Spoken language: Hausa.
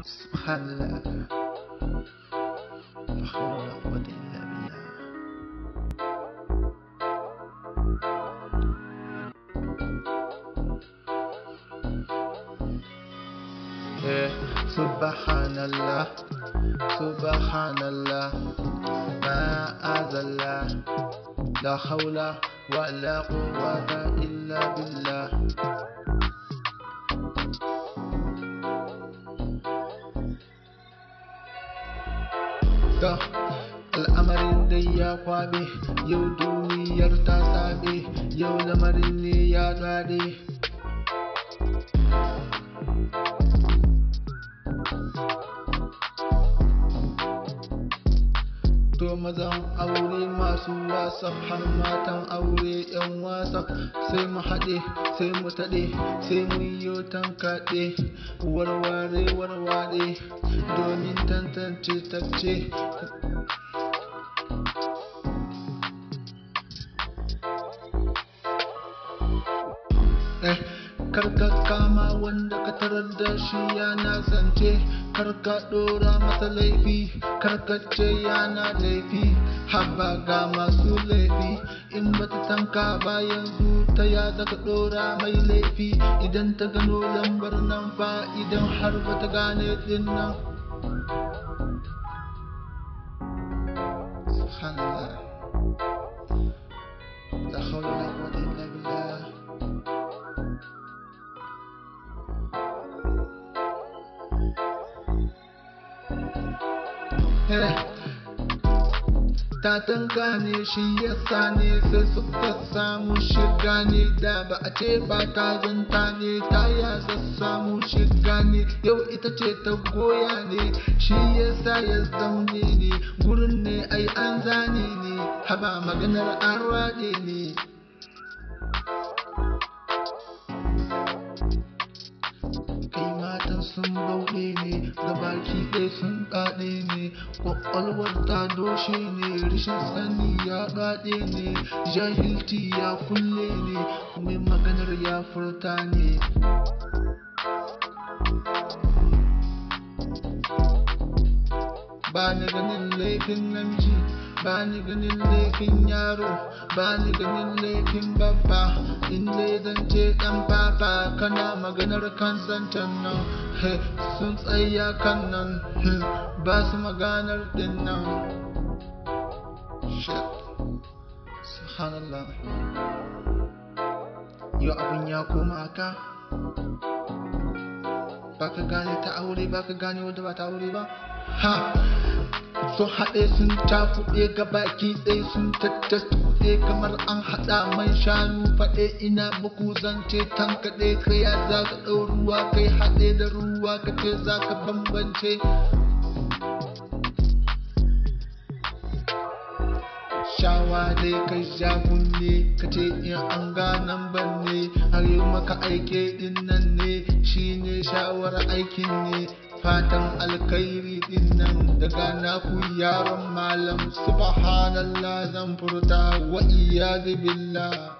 سبحان الله لا حول ولا قوة إلا بالله سبحان الله سبحان الله ما أذل لا حول ولا قوة إلا بالله da al'amarin dai ya kwabe yau duniyar ta sabe yau lamarin ne ya tsade mazan aure masu wasa har matan aure yan wasa sai mu haɗe sai mu taɗe sai mu yi tankaɗe warware warware domin tantance ce. Eh, karka kama wanda ka tarar da shi ya nasance karka dora masa laifi karkace yana laifi haba ga masu laifi in bata tanka ba yanzu ta ya zaka dora mai laifi idan ta gano lambar nan fa idan har bata gane din nan subhanallah la hawla ta tanka shi yasa ne sai suka samu shiga ne da ba a ce ba ta zanta ne ta yasa samu shiga ne yau ita ce ta goya ne shi yasa ya zaune ne gurin ne ai an zane ne haba maganar an ne kai matan sun bauɗe ne baki ɗaya sun ƙaɗe ne All what ƙwaƙwalwar ta doshe ne rashin sani ya gaɗe ne jahilci ya kulle ne mai maganar ya furta ne ba na ganin laifin namiji ba ni ganin laifin yaro ba ni ganin laifin babba in dai zance dan baba kana maganar kan zantan nan sun tsaya kan nan ba su maganar din nan subhanallah yau abin ya koma ka baka gane ta aure baka gane wadda ba ta aure ba ha sun haɗe sun tafuɗe ga baki ɗaya sun tattastuɗe kamar an haɗa man shanu faɗe ina muku zance tankaɗe kaya za ka ɗau ruwa kai haɗe da ruwa ka ce za bambance shawa ne kai ne ka in an ganan ban ne har yi maka aike ɗin nan ne shine shawar aikin ne fatan alkhairi dinnan daga naku yaron malam subhanallah zan furta wa iyadu billah